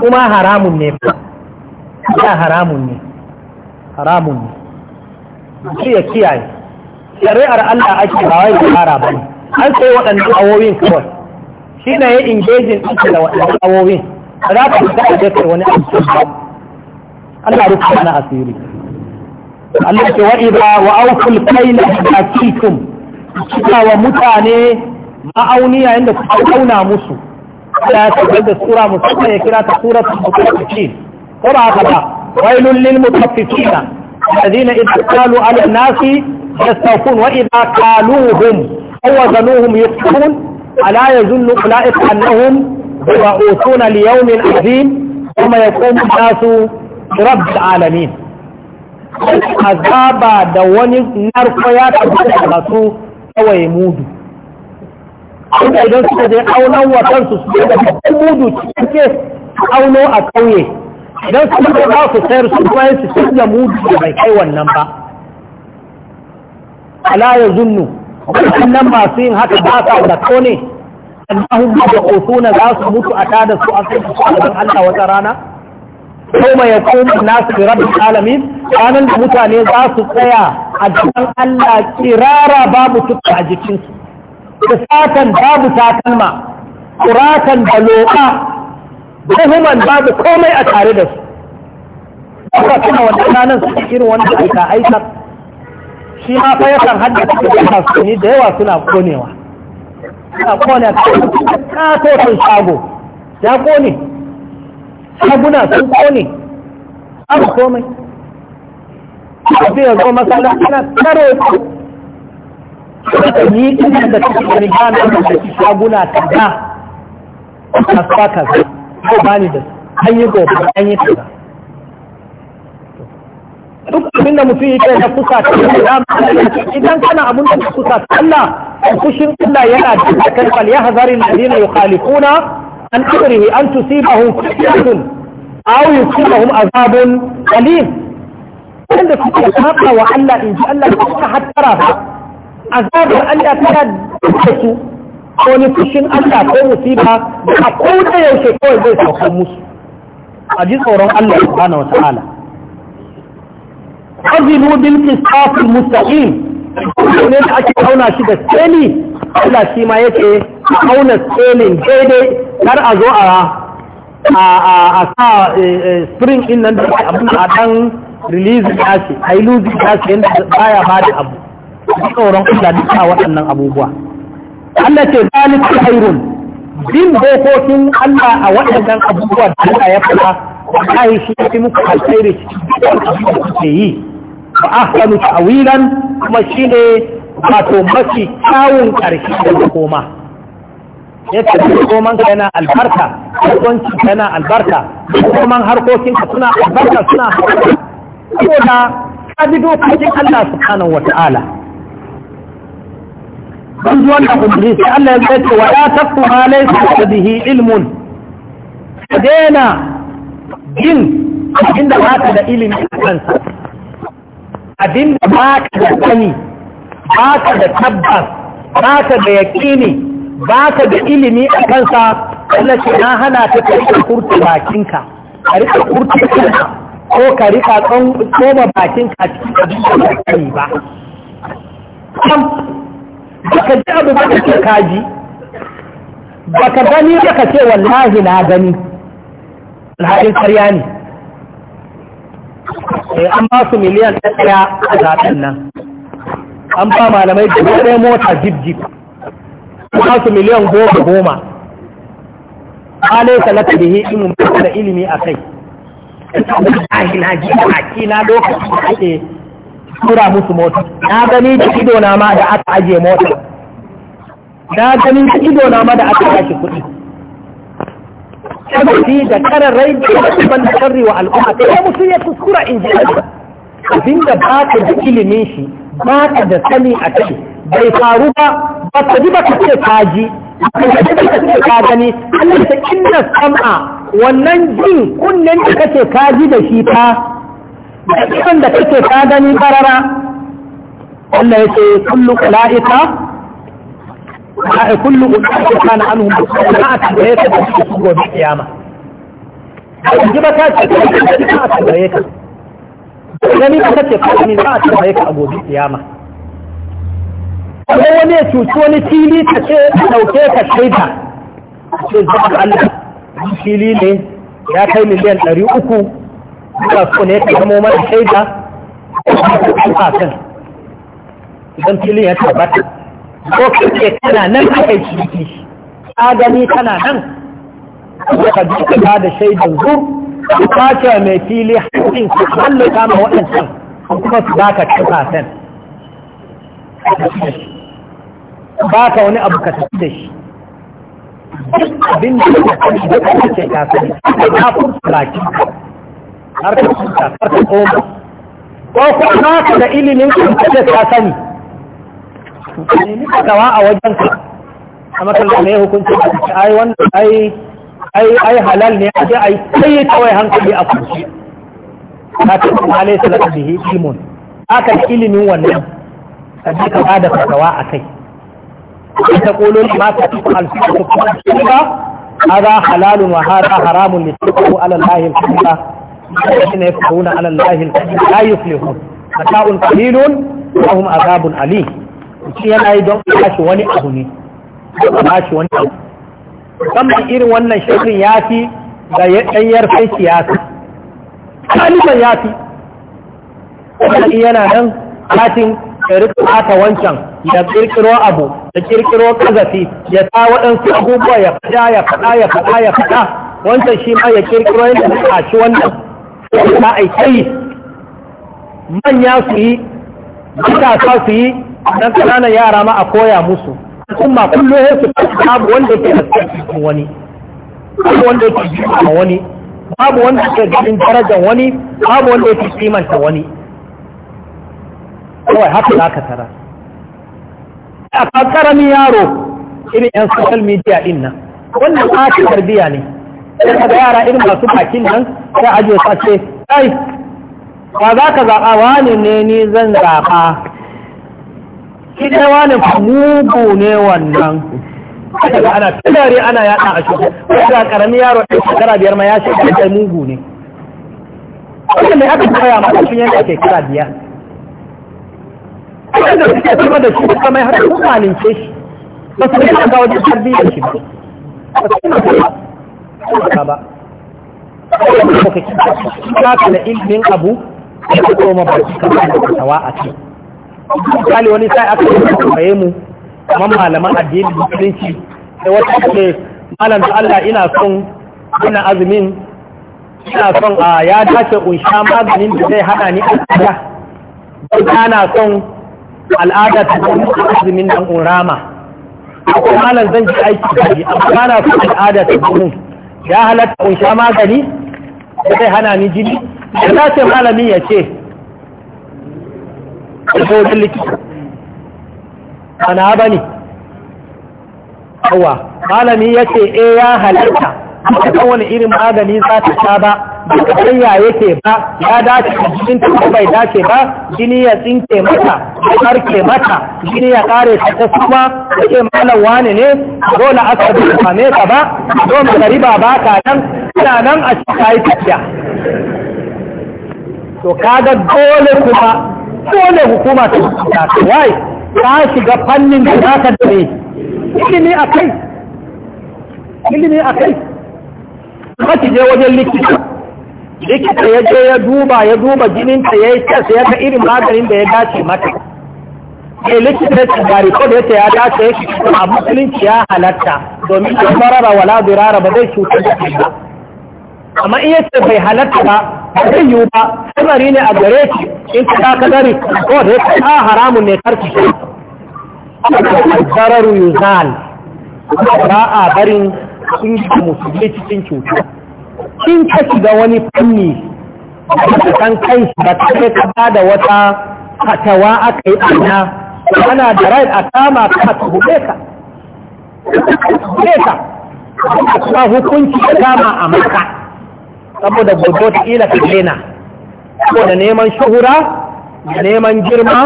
kuma haramun ne ya haramun ne haramun ne Su ya kiyaye shari'ar Allah ake ba wai fara ba an sai waɗannan awowin kawai shi na yi ingejin ake da waɗanda awowin ba za ka fita a jefar wani abu Allah rufe mana asiri Allah ke wa ba wa aukul kaila da kitum kika wa mutane ma'auniya yadda ku auna musu ya shigar da sura musamman ya kira ta sura ta mutaffifin ko ba haka ba wailul lil mutaffifina alladhina idza qalu ala an-nasi yastawfun wa idza qaluhum aw wazanuhum yuqtun ala yazunnu ulaika annahum يبعثون ليوم عظيم وما يقوم الناس رب العالمين azaba da wani narko ya tabbata masu kawai mudu inda idan suka je aunan wa su da babban mudu cikin ke auno a kauye idan su da za su sayar su kuma su da mudu da bai kai wannan ba ala ya zunnu wannan masu yin haka ba sa da kone annahum da na za su mutu a tada su a cikin Allah wata rana kuma ya kuma nasu bi rabin alamin ranar da mutane za su tsaya a cikin Allah kirara babu tukka a jikinsu da babu takalma kuratan da loka buhuman babu komai a tare da su aka kuma wanda ranar su irin wanda aka aikar shi ma fa yakan haddasa da ne da yawa suna konewa suna kone a katoton shago ya kone shaguna sun kone abu komai a fiye zo masala ana taro ni ina da cikin rigana da cikin shaguna kaza kasuwa kaza ko bani da an yi gobe an yi kaza duk abin da mutum yake da kusa ta idan kana abun da kusa ta Allah kushin Allah yana da kalfal ya hazarin alladhina yukhalifuna an amrihi an tusibahum fitnatun aw yusibahum azabun alim wanda suka saba wa Allah in ji Allah suka hattara ba azabar Allah ta da su ko ni fushin Allah ko musiba a kowace yaushe kawai zai sauka musu a ji tsoron Allah subhanahu wa ta'ala azinu bil qisas al mustaqim ne da ake kauna shi da tseli Allah shi ma yake auna tselin daidai kar a zo a a sa eh, eh, spring din nan da abin a dan release ya ce a yi losing ya ce yadda baya ba da abu da tsoron Allah da a waɗannan abubuwa Allah ce zalika khairun bin dokokin Allah a waɗannan abubuwa da Allah ya faɗa yi shi ya fi muku alkhairi cikin abubuwa da kuke yi wa ahsanu ta'wilan kuma shi shine wato mafi kyawun ƙarshe da koma yadda da koman ka yana albarka kasuwanci yana albarka koman harkokin ka suna albarka suna saboda ka bi dokokin Allah subhanahu wa ta'ala kun ji wannan umarni sai Allah ya zai ce wa la tafi ma laysa bihi ilmun daina jin abinda ba ka da ilimi a kansa abinda ba ka da sani ba ka da tabbas ba ka da yaƙini ba ka da ilimi a kansa Allah ce na hana ta ka rika kurta bakinka ka rika kurta kanka ko ka rika tsoma bakinka cikin abin da ba ka yi ba baka ji abu ba ce kaji baka gani ka ce wallahi na gani alhakin karya ne sai eh, an ba su miliyan ɗaya a zaɓen nan an ba malamai da ɗaya mota jibjib ba su miliyan goma goma ba laisa da hekin mummata da ilimi a kai ina ji a kina lokacin da ake tura musu mota na gani da ido na ma da aka ajiye mota na gani da ido na ma da aka kashe kuɗi tabbaci da karar rai da kuma da sharri wa al'umma sai musu ya kuskura in ji abinda ba ka da ilimin shi ba ka da sani a kai bai faru ba ba ka ji ba ka ce ka ji ka gani Allah ta inna sam'a wannan jin kunnen da kace ka ji da shi fa da da kake ka gani karara Allah ya ce kullu ula'ika kullu ula'ika kana anhum ula'ika da yake da su gobe kiyama ji ba ta ce ka a tambaye ka gani ka ce ka ni za a tambaye ka a gobe kiyama Kuma wani ya cuci wani fili ka ce dauke ka shaida ce za zuwa Allah fili ne ya kai miliyan ɗari uku suna ne ta zama mana shaida a kan don filin ya tabbata ko kake tana nan kake ciki ka gani tana nan ka ji ka da shaidan zuwa kwace mai fili haƙin su hallaka ma waɗancan an kuma su ba ka kafafen ba ka wani abu ka tafi da shi abin da ya tafi da ya kafin ka har ka cuta har ka ko kuma ka da ilimin ka ce ka sani nemi fatawa a wajen ka a matsalar ne hukuncin da ai wanda ai ai ai halal ne a je ai sai kawai hankali a kurci ka ce kuma alai salatu bihi ilmun aka ilimin wannan ka je ka bada fatawa a kai ta kolon ma ta tuku alfiya kuma ba هذا حلال وهذا حرام لتقوى على الله الحمد الذين يفترون على الله الكذب لا يفلحون متاع قليل وهم عذاب أليم shi yana yi don bashi wani abu ne bashi wani abu musamman irin wannan shirin ya fi ga ɗanyar kai siyasa ɗaliban ya fi wani yana nan katin ya rika ɓata wancan ya ƙirƙiro abu ya ƙirƙiro ƙazafi ya ta waɗansu abubuwa ya faɗa ya faɗa ya faɗa ya faɗa wancan shi ma ya ƙirƙiro yadda ya ci wannan kuma a kai manya su yi matasa su yi don kananan yara ma a koya musu al'umma kullum ya su babu wanda ke asibitin wani babu wanda ke jima wani babu wanda ke ganin darajar wani babu wanda ke kimanta wani kawai haka za ka tara a karamin yaro irin yan social media din nan wannan ake tarbiyya ne sai ka ga yara irin masu bakin nan sai aje su ce kai ba za ka zaɓa wani ne ni zan zaɓa shi dai wani mugu ne wannan daga ana tunare ana yaɗa a shi wanda ƙaramin yaro ɗin shekara biyar ma ya shekara kai mugu ne wanda mai aka koya ma ƙarfin yadda kira biyar wanda suke kuma da shi kuma mai haka kuma malince shi ba su ne ga wajen tarbiyyar shi ba ka ba ka kana ilmin abu ya koma ba ka da tawa a ce misali wani sai aka yi tambaye mu kamar malaman addini musulunci sai wata ce malam da Allah ina son ina azumin ina son a ah, ya dace in sha maganin da zai hana ni al'ada ba na son al'ada ta azumin dan urama akwai malam zan ji aiki da amma na son al'ada ta gurin ya halatta in sha magani da zai hana ni jini da za ce malami ya ce ko wajen likita ana ba ne awa malami ya ce eh ya halatta ba wani irin magani za ta sha ba ba kariya yake ba ya dace da jikin ta bai dace ba jini ya tsinke mata ya karke mata jini ya kare ta ta suma ya ce malam wani ne dole aka bi same ka ba don ka riba nan ina nan a cikin tafiya to kaga doole kuma doole hukuma ta ta wai ta shiga fannin da za ka dare ilimi a kai ilimi a kai ka je wajen likita likita ya je ya duba ya duba jininta ya yi test ya ga irin maganin da ya dace mata sai likita ya tsari ko da ya dace ya shi a musulunci ya halatta domin ya marara wala durara ba zai cutar da shi ba amma in yace bai halatta ba ba zai yiwu ba samari ne a gare ki in ka ka gari ko da ya ta ah, haramun ne karki shi dararu yuzal ba a barin sun musulunci cikin cuta in ka shiga wani fanni a kan kai shi ba ta kai ka bada wata fatawa aka yi ana ana da rai a kama ka ta hube ka hube ka kuma hukunci ka kama a maka saboda gobe ta ila ka ko saboda neman shuhura da neman girma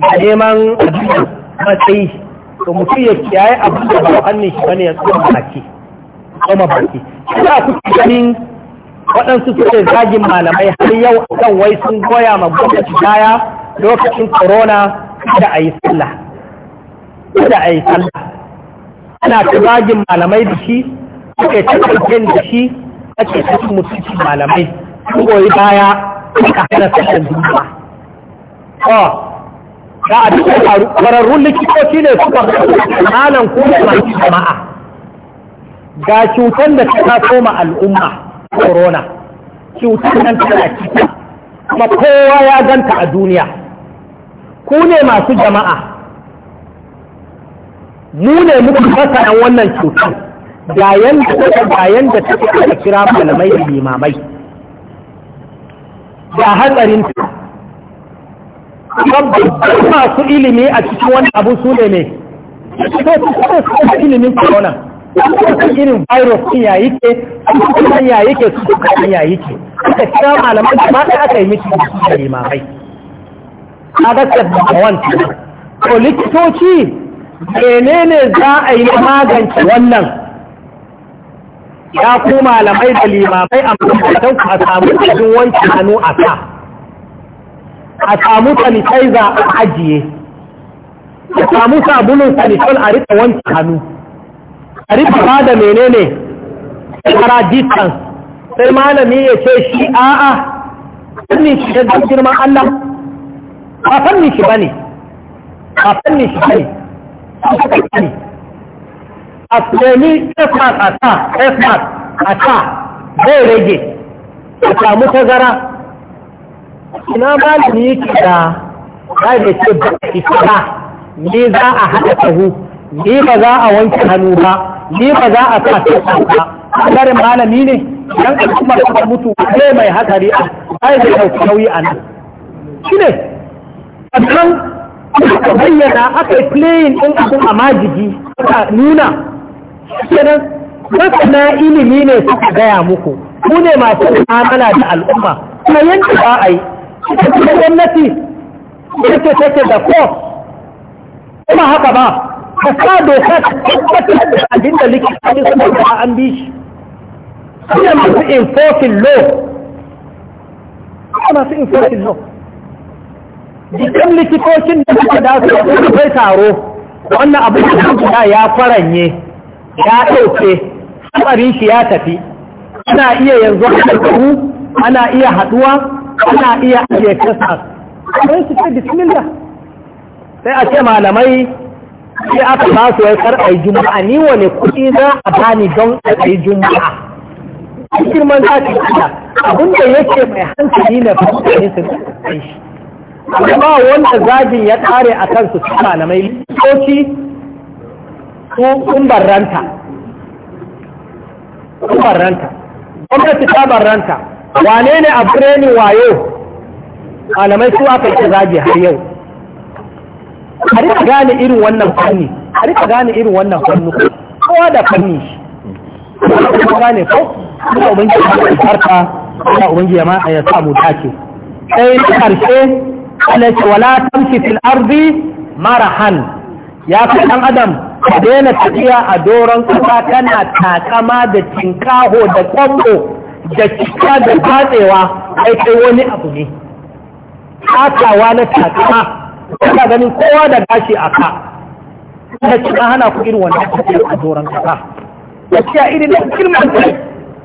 da neman matsayi to mutum ya kiyaye abin da ba hannun shi bane ya tsohon baki tsoma baki ina kuka ganin waɗansu suke zagin malamai har yau kan wai sun goya ma gwamnati baya lokacin corona da a yi sallah da a yi sallah ana ta zagin malamai da shi suke ta ƙarfin da shi ake ta mutuncin malamai sun goyi baya suka hana sallar juma'a da a cikin kwararrun likitoci ne suka malam kuma masu jama'a ga cutar da ta taso al'umma corona cutar nan tana cika kuma kowa ya ganta a duniya ku ne masu jama'a mu ne muka fasaran wannan cutar ga yadda take aka kira malamai da limamai ga hatsarin babban masu ilimi a cikin wani abu su ne ne su ilimin corona akwai irin virus ɗin ya yake akwai ya yake su kan ya yake aka kira malaman ma ɗaya aka yi miki da limamai a daktar da wanci to likitoci menene za a yi magance wannan ya ku malamai da limamai a makarantar ku a samu cikin wanki hannu a sa a samu sanitizer a ajiye a samu sabulun sanitol a rika wanki hannu riba da menene kara distance sai malami ya ce shi a'a fanni shi zan girman Allah ba fanni shi ba ne, ba fanni shi ba ne. a tsemi effort a ta effort a ta zai rage a samu tazara ina malami yake da da ce ba ki ni za a haɗa hu ni ba za a wanke hannu ba ni ba za a sa ta ba karin malami ne dan al'ummar ka mutu ne mai hatsari a ai da kauyi nauyi a nan shi ne kan bayyana aka yi playing din abun a majigi aka nuna kenan na ilimi ne suka gaya muku ku ne masu mu'amala da al'umma kuma yanzu ba a yi ita ce gwamnati ita ce take da ko kuma haka ba ka sa doka ta tabbatar da abin da likita ne suna da an bi shi suna masu enforcing law suna masu enforcing law jikin likitocin da suka dace da kai taro wannan abin da suka ya faranye ya ɗauke hatsarin shi ya tafi ana iya yanzu haɗu ana iya haɗuwa ana iya ajiye kasa kai su ce bismillah sai a ce malamai sai aka ba su wai kar a yi juma'a ni wane kuɗi za a bani don a yi juma'a girman za ki iya abin da yake mai hankali na fahimtani su kai shi amma wanda zagin ya ƙare a kansu su malamai likitoci sun barranta sun barranta gwamnati ta barranta wane ne a wayo malamai su aka yi zagi har yau a rika gane irin wannan fanni a rika gane irin wannan fanni kowa da fanni shi kuma gane ko kuma ubangi ya farka kuma ubangi ya ma ya samu dace sai na karshe ala ce wala tamshi fil ardi marahan ya fi dan adam ka daina tafiya a doron kasa kana takama da cinkaho da kwambo da cika da batsewa kai kai wani abu ne takawa na takama kana ganin kowa da gashi a ka da ci hana ku irin ake ce a doron kasa a irin na girman kai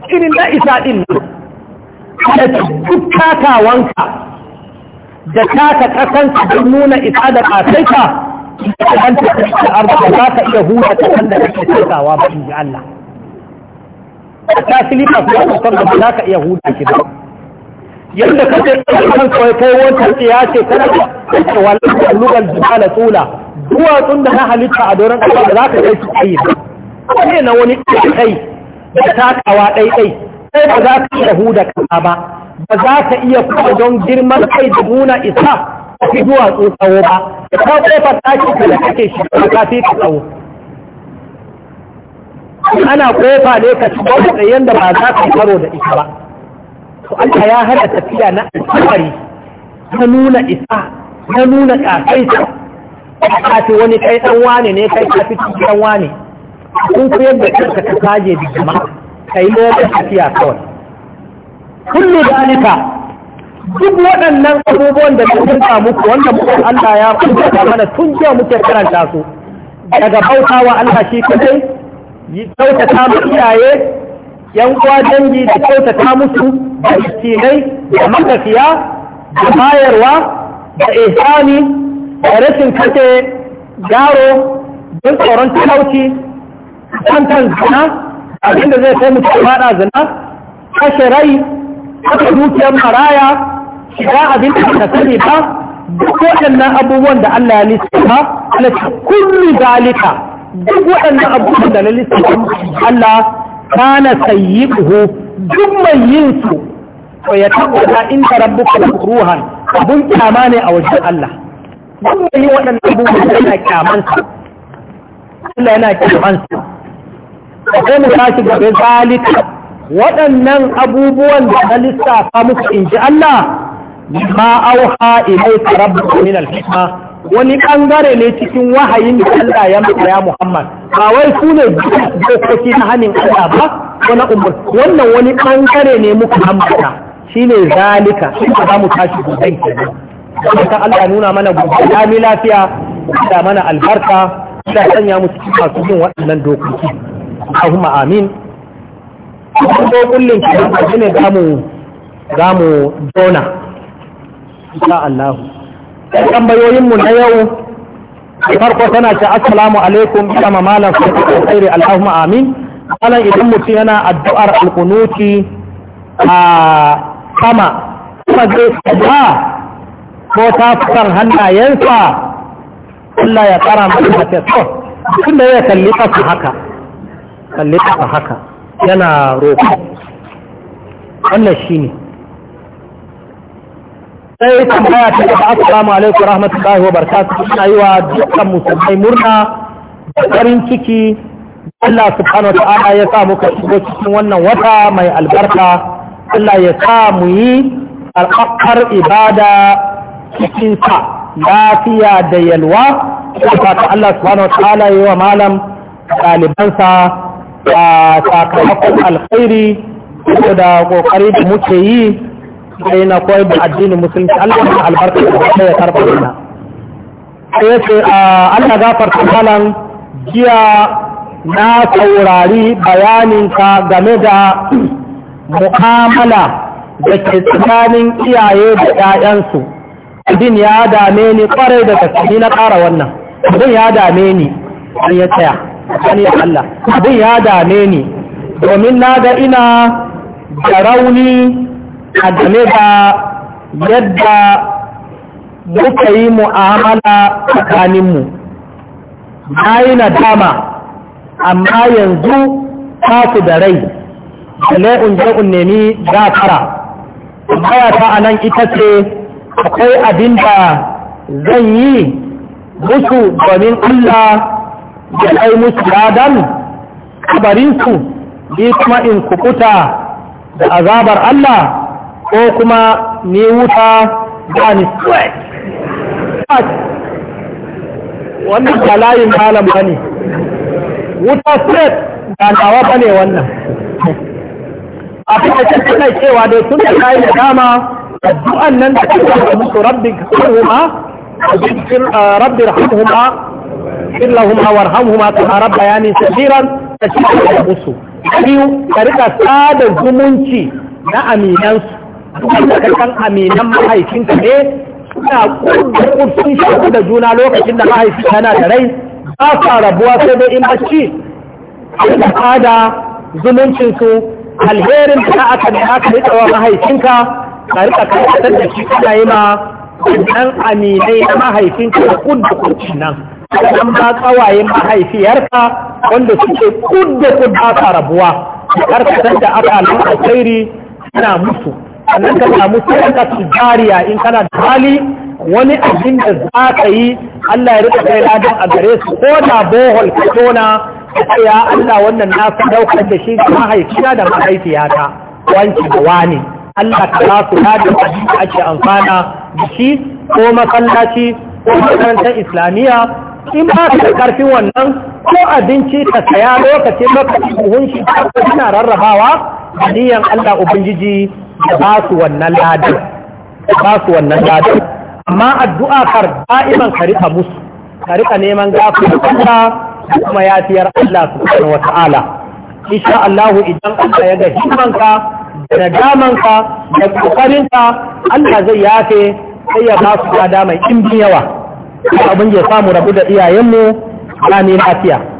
irin na isa din nan da duk takawanka da taka kasanka don nuna isa da kasaita idan ta kasance arziki za ka iya huta kasan da kake takawa ba in ji Allah ta su ya kusan da ba za ka iya huta ki ba yadda ka ce kan kawai wancan tsiya ce kana da wallahi lugal jibala tula duwatsun da na halitta a doron kasa da za ka kai su tsayi ne na wani kai da takawa ɗaiɗai sai ba za ka iya huda kasa ba ba za ka iya kuma don girman kai da nuna isa fi duwatsu tsawo ba ta kofar ɗakin da kake shi ka fi ka tsawo ana kofa ne ka shiga da yanda ba za ka karo da ita ba to Allah ya hana tafiya na alfahari ta nuna isa ta nuna ƙasaita ka ce wani kai ɗan wane ne kai ka fito ɗan wane kun ku yadda kanka ka kaje da jama'a kai lokacin tafiya kawai kullu dalika duk waɗannan abubuwan da na kirka muku wanda muku Allah ya kuka mana tun jiya muke karanta su daga bautawa Allah shi kai yi kyautata mu iyaye yan uwa dangi da kyautata musu da istinai da makafiya da bayarwa da ihsani da rashin kace garo don tsoron talauci kantan zina abinda zai kai mutum fada zina kashe rai haka dukiyar maraya shiga abin da ta sani ba duk waɗannan abubuwan da Allah ya lissafa na ta kullu zalika duk waɗannan abubuwan da na lissafa Allah kana sayyibuhu duk mai yin su to ya tabbata inda rabbuka ruhan abun kyama ne a wajen Allah duk mai yin waɗannan abubuwan yana kyamansa Allah yana kyamansa sai mu tashi gabe zalika waɗannan abubuwan da na lissafa muku in ji Allah ma auha ilayka rabbuka min al-hikma wani ɓangare ne cikin wahayin da Allah ya maka ya Muhammad ba wai su ne dokoki na hannun Allah ba wani umar wannan wani ɓangare ne muka ambata shine zalika inda ka mu tashi gobe kenan kan Allah nuna mana gobe ya mi lafiya da mana albarka da sanya mu cikin masu bin waɗannan dokoki Allahumma amin ko kullun ki ne za mu dona insha Allah tambayoyinmu na yau farko tana ce assalamu alaikum sama malam sai ta alkhairi allahumma amin malam idan mutum yana addu'ar alkunuti a sama kuma zai sada ko ta fitar hannayensa Allah ya tsara masa mace so tunda ya kalli kasa haka kalli kasa haka yana roƙo wannan shi ne. sai tambaya ta gaba assalamu alaikum rahmatullahi wa barakatuh ina yi wa dukkan musulmai murna da farin ciki Allah subhanahu wa ta'ala ya sa muka shigo cikin wannan wata mai albarka Allah ya sa mu yi alƙaƙar ibada cikin sa lafiya da yalwa ta Allah subhanahu wa ta'ala ya wa malam ɗalibansa a ah, sakamakon alkhairi da ƙoƙari da muke yi Sai yana koyar da addinin musulunci Allah ya albarka da ya karba mana sai ce ah, Allah gafarta kalan jiya na saurari bayaninka game da mu'amala da ke tsakanin iyaye da 'ya'yansu abin ya dame ni kwarai da gaske na ƙara wannan abin ya dame ni an ya tsaya an ya Allah abin ya dame ni domin na ga ina da rauni a game da yadda muka yi mu'amala tsakaninmu na yi nadama amma yanzu taku da rai da in je in nemi gafara baya ta a nan ita ce akwai abin da zan yi musu domin Allah ya kai musu ladan kabarinsu bi kuma in kukuta da azabar Allah ko kuma ni wuta ba ni sweat wannan ba layin malam ba ne wuta sweat ba nawa ba ne wannan a fita cikin kai cewa da tun da kayi da dama addu'an nan da kake da musu rabbi kuma ah, rabbi rahmuhuma illahuma warhamhuma kama rabba yani sabiran ta cikin da musu biyu ka rika sada zumunci na aminansu wanda ka san aminan mahaifinka ne suna kurkun sun shaku da juna lokacin da mahaifi yana da rai ba sa rabuwa sai dai in bacci al'ada da zumuncinsu alherin da aka ne aka yi tsawon mahaifinka ka rika karkatar da shi kana yi ma wannan aminai na mahaifinka da kurkun nan an ba tsawaye mahaifiyarka wanda suke kudda ba sa rabuwa karkatar da aka al'ada tsairi suna mutu. sannan ka samu sadaka jariya in kana da hali wani abin da za ka yi Allah ya rika kai ladan a gare su ko da bohol ka tona ya Allah wannan na daukar da shi ka mahaifiya da mahaifiyata wanki da wani Allah ka za su ladan abin da ake amfana da shi ko masallaci ko makarantar islamiyya in ba ka da karfin wannan ko abinci ka saya lokacin lokacin buhun shi ta rarrabawa da niyan Allah Ubangiji da ba su wannan ladan ba su wannan ladan amma addu'a kar da'iman ka rika musu ka rika neman gafarar Allah kuma yafiyar Allah subhanahu wa ta'ala insha Allah idan Allah ya ga himanka da nadamanka da kokarinka Allah zai yafe sai ya ba su mai ƙimbi yawa abin ya samu rabu da iyayenmu ne lafiya